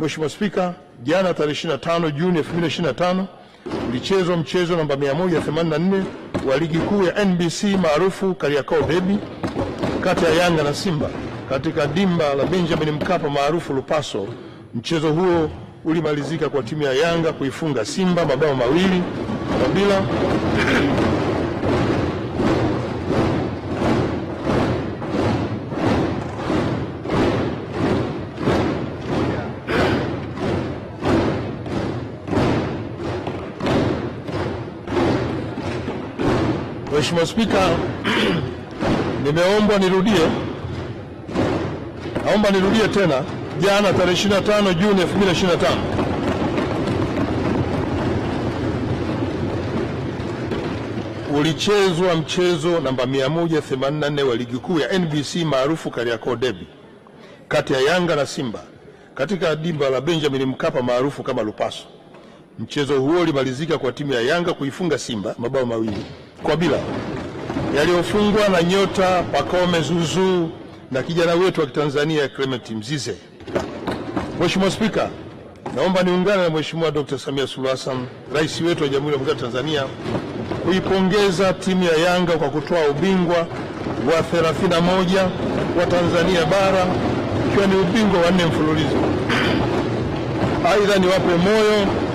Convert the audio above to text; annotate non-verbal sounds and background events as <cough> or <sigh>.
Mheshimiwa Spika, jana tarehe 25 Juni 2025 ulichezwa mchezo namba 184 wa ligi kuu ya NBC maarufu Kariakoo Derby kati ya Yanga na Simba katika dimba la Benjamin Mkapa maarufu Lupaso. Mchezo huo ulimalizika kwa timu ya Yanga kuifunga Simba mabao mawili kwa bila Mheshimiwa Spika, <clears throat> nimeombwa nirudie, naomba nirudie tena jana tarehe 25 Juni 2025 ulichezwa mchezo namba 184 wa ligi kuu ya NBC maarufu Kariakoo Derby kati ya Yanga na Simba katika dimba la Benjamin Mkapa maarufu kama Lupaso. Mchezo huo ulimalizika kwa timu ya Yanga kuifunga Simba mabao mawili kwa bila yaliyofungwa na nyota Pacome Zuzu na kijana wetu wa Kitanzania Clement Mzize. Mheshimiwa Spika, naomba niungane na Mheshimiwa Dkt. Samia Suluhu Hassan, rais wetu wa Jamhuri ya Muungano wa Tanzania, kuipongeza timu ya Yanga kwa kutoa ubingwa wa 31 wa Tanzania bara ikiwa ni ubingwa wa nne mfululizo. Aidha, niwape moyo